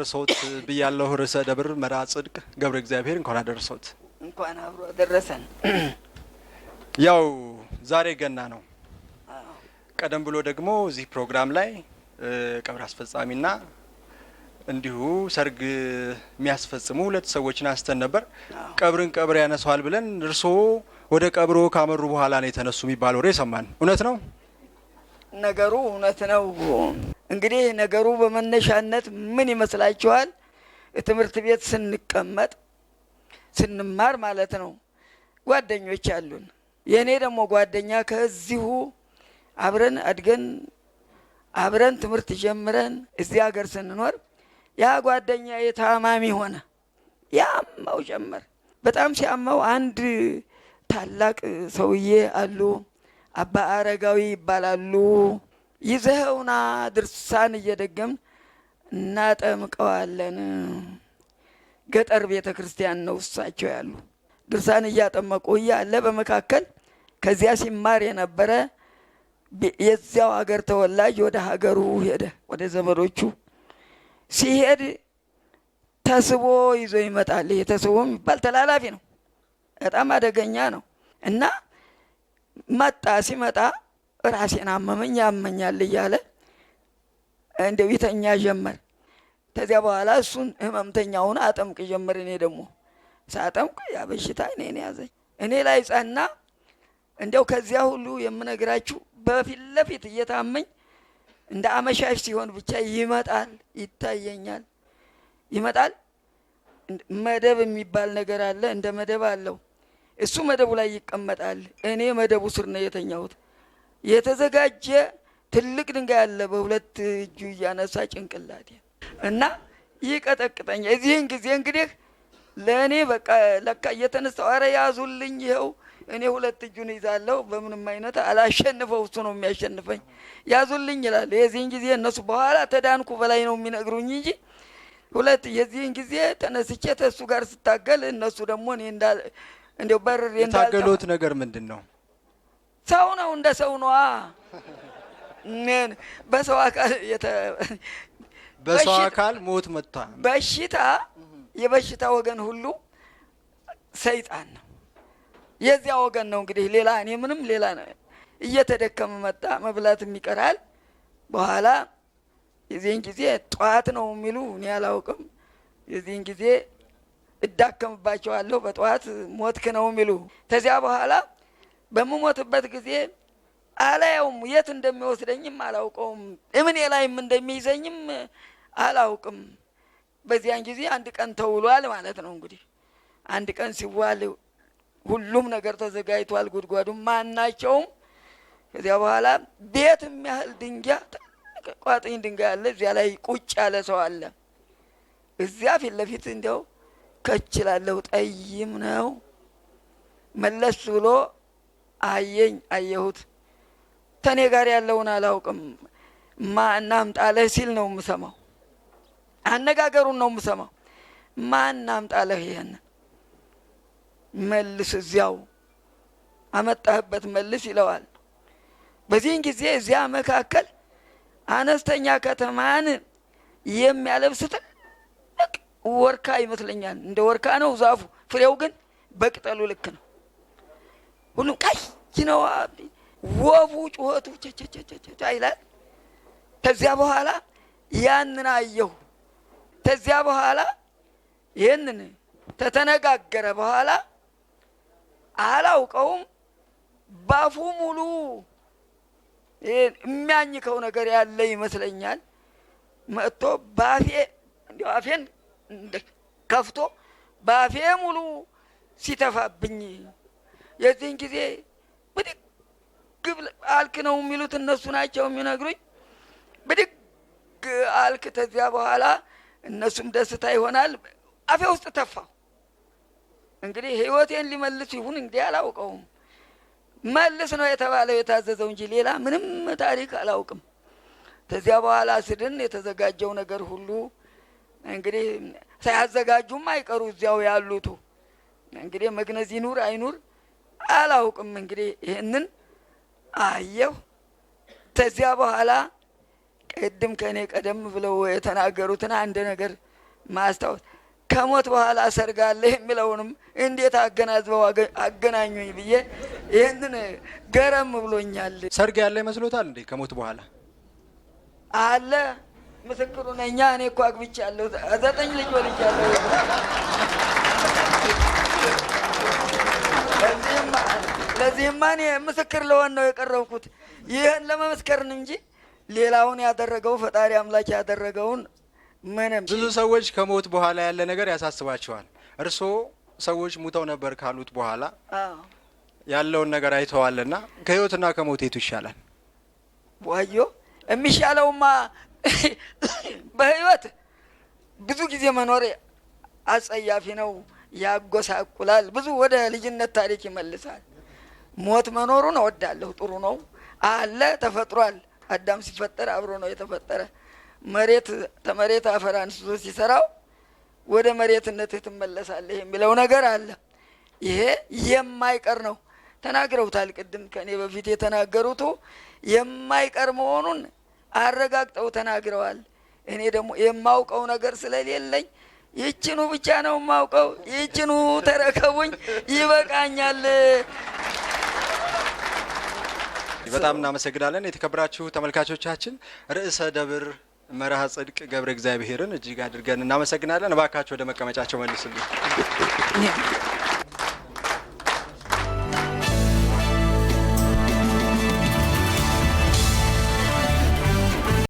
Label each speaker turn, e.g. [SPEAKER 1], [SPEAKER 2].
[SPEAKER 1] አደረሰውት ብያለሁ። ርዕሰ ደብር መራ ጽድቅ ገብረ እግዚአብሔር እንኳን አደረሰውት።
[SPEAKER 2] እንኳን አብሮ አደረሰን።
[SPEAKER 1] ያው ዛሬ ገና ነው። ቀደም ብሎ ደግሞ እዚህ ፕሮግራም ላይ ቀብር አስፈጻሚና እንዲሁ ሰርግ የሚያስፈጽሙ ሁለት ሰዎችን አንስተን ነበር። ቀብርን ቀብር ያነሷል ብለን እርስዎ ወደ ቀብሮ ካመሩ በኋላ ነው የተነሱ የሚባል ወሬ ሰማን። እውነት ነው
[SPEAKER 2] ነገሩ? እውነት ነው። እንግዲህ ነገሩ በመነሻነት ምን ይመስላችኋል? ትምህርት ቤት ስንቀመጥ ስንማር ማለት ነው ጓደኞች አሉን። የእኔ ደግሞ ጓደኛ ከዚሁ አብረን አድገን አብረን ትምህርት ጀምረን እዚህ ሀገር ስንኖር ያ ጓደኛ የታማሚ ሆነ። ያመው ጀመር። በጣም ሲያመው አንድ ታላቅ ሰውዬ አሉ፣ አባ አረጋዊ ይባላሉ። ይዘኸውና ድርሳን እየደገምን እናጠምቀዋለን። ገጠር ቤተ ክርስቲያን ነው እሳቸው ያሉ ድርሳን እያጠመቁ እያለ በመካከል ከዚያ ሲማር የነበረ የዚያው ሀገር ተወላጅ ወደ ሀገሩ ሄደ። ወደ ዘመዶቹ ሲሄድ ተስቦ ይዞ ይመጣል። ይሄ ተስቦ የሚባል ተላላፊ ነው፣ በጣም አደገኛ ነው እና መጣ ሲመጣ ራሴን አመመኝ ያመኛል እያለ እንደው ይተኛ ጀመር። ከዚያ በኋላ እሱን ህመምተኛውን አጠምቅ ጀመር። እኔ ደግሞ ሳጠምቅ ያ በሽታ እኔን ያዘኝ፣ እኔ ላይ ጸና። እንዲያው ከዚያ ሁሉ የምነግራችሁ በፊት ለፊት እየታመኝ እንደ አመሻሽ ሲሆን ብቻ ይመጣል፣ ይታየኛል፣ ይመጣል። መደብ የሚባል ነገር አለ፣ እንደ መደብ አለው። እሱ መደቡ ላይ ይቀመጣል፣ እኔ መደቡ ስር ነው የተኛሁት። የተዘጋጀ ትልቅ ድንጋይ አለ። በሁለት እጁ እያነሳ ጭንቅላት እና ይህ ይቀጠቅጠኛ። እዚህን ጊዜ እንግዲህ ለእኔ በቃ ለካ እየተነሳው አረ ያዙልኝ፣ ይኸው እኔ ሁለት እጁን ይዛለሁ። በምንም አይነት አላሸንፈው፣ እሱ ነው የሚያሸንፈኝ። ያዙልኝ ይላል። የዚህን ጊዜ እነሱ በኋላ ተዳንኩ በላይ ነው የሚነግሩኝ እንጂ ሁለት የዚህን ጊዜ ተነስቼ ተሱ ጋር ስታገል እነሱ ደግሞ እኔ እንዳ እንዲያው በርር የታገሎት
[SPEAKER 1] ነገር ምንድን ነው?
[SPEAKER 2] ሰው ነው፣ እንደ ሰው ነዋ። በሰው አካል
[SPEAKER 1] በሰው አካል ሞት መጥቷ
[SPEAKER 2] በሽታ የበሽታ ወገን ሁሉ ሰይጣን ነው፣ የዚያ ወገን ነው። እንግዲህ ሌላ እኔ ምንም ሌላ ነው። እየተደከመ መጣ፣ መብላትም ይቀራል። በኋላ የዚህን ጊዜ ጠዋት ነው የሚሉ እኔ አላውቅም። የዚህን ጊዜ እዳከምባቸዋለሁ። በጠዋት ሞትክ ነው የሚሉ ተዚያ በኋላ በምሞትበት ጊዜ አላየውም። የት እንደሚወስደኝም አላውቀውም። እምኔ ላይም እንደሚይዘኝም አላውቅም። በዚያን ጊዜ አንድ ቀን ተውሏል ማለት ነው። እንግዲህ አንድ ቀን ሲዋል ሁሉም ነገር ተዘጋጅቷል። ጉድጓዱ ማናቸውም። ከዚያ በኋላ ቤት የሚያህል ድንጋይ፣ ቋጥኝ ድንጋይ አለ። እዚያ ላይ ቁጭ ያለ ሰው አለ። እዚያ ፊት ለፊት እንዲያው ከችላለሁ። ጠይም ነው መለስ ብሎ አየኝ አየሁት። ተኔ ጋር ያለውን አላውቅም ማ እናምጣለህ ሲል ነው የምሰማው። አነጋገሩን ነው የምሰማው። ማ እናምጣለህ ይህን መልስ እዚያው አመጣህበት መልስ ይለዋል። በዚህን ጊዜ እዚያ መካከል አነስተኛ ከተማን የሚያለብስ ትልቅ ወርካ ይመስለኛል። እንደ ወርካ ነው ዛፉ፣ ፍሬው ግን በቅጠሉ ልክ ነው። ሁሉም ቀይ ነው። ወቡ ጩኸቱ ይላል። ከዚያ በኋላ ያንን አየሁ። ከዚያ በኋላ ይህንን ተተነጋገረ በኋላ አላውቀውም ባፉ ሙሉ የሚያኝከው ነገር ያለ ይመስለኛል። መጥቶ ባፌ እንዲ አፌን ከፍቶ ባፌ ሙሉ ሲተፋብኝ የዚህን ጊዜ ብድግ አልክ ነው የሚሉት እነሱ ናቸው የሚነግሩኝ። ብድግ አልክ። ተዚያ በኋላ እነሱም ደስታ ይሆናል። አፌ ውስጥ ተፋው። እንግዲህ ህይወቴን ሊመልስ ይሁን እንግዲህ አላውቀውም። መልስ ነው የተባለው የታዘዘው እንጂ ሌላ ምንም ታሪክ አላውቅም። ተዚያ በኋላ ስድን የተዘጋጀው ነገር ሁሉ እንግዲህ ሳያዘጋጁም አይቀሩ እዚያው ያሉቱ እንግዲህ መግነዝ ይኑር አይኑር አላውቅም። እንግዲህ ይህንን አየሁ። ከዚያ በኋላ ቅድም ከእኔ ቀደም ብለው የተናገሩትን አንድ ነገር ማስታወስ ከሞት በኋላ ሰርጋለህ የሚለውንም እንዴት አገናዝበው አገናኙኝ ብዬ ይህንን ገረም ብሎኛል።
[SPEAKER 1] ሰርግ ያለ ይመስሎታል እንዴ? ከሞት በኋላ
[SPEAKER 2] አለ። ምስክሩ ነኛ። እኔ እኮ አግብቻለሁ፣ ዘጠኝ ልጅ ወልጃለሁ። ለዚህማ እኔ ምስክር ለሆን ነው የቀረብኩት፣
[SPEAKER 1] ይህን ለመመስከርን እንጂ ሌላውን ያደረገው ፈጣሪ አምላክ ያደረገውን ምንም። ብዙ ሰዎች ከሞት በኋላ ያለ ነገር ያሳስባቸዋል። እርስዎ ሰዎች ሙተው ነበር ካሉት በኋላ ያለውን ነገር አይተዋልና ከህይወትና ከሞት የቱ ይሻላል?
[SPEAKER 2] ዋዮ የሚሻለውማ በህይወት ብዙ ጊዜ መኖር አጸያፊ ነው። ያጎሳቁላል፣ ብዙ ወደ ልጅነት ታሪክ ይመልሳል። ሞት መኖሩን እወዳለሁ፣ ጥሩ ነው አለ ተፈጥሯል። አዳም ሲፈጠር አብሮ ነው የተፈጠረ። መሬት ተመሬት አፈር አንስቶ ሲሰራው ወደ መሬትነት ትመለሳለህ የሚለው ነገር አለ። ይሄ የማይቀር ነው። ተናግረውታል። ቅድም ከእኔ በፊት የተናገሩት የማይቀር መሆኑን አረጋግጠው ተናግረዋል። እኔ ደግሞ የማውቀው ነገር ስለሌለኝ ይህችኑ ብቻ ነው የማውቀው። ይህችኑ ተረከቡኝ፣ ይበቃኛል።
[SPEAKER 1] በጣም እናመሰግናለን። የተከበራችሁ ተመልካቾቻችን ርዕሰ ደብር መርሃ ጽድቅ ገብረ እግዚአብሔርን እጅግ አድርገን እናመሰግናለን። እባካችሁ ወደ መቀመጫቸው መልሱልኝ።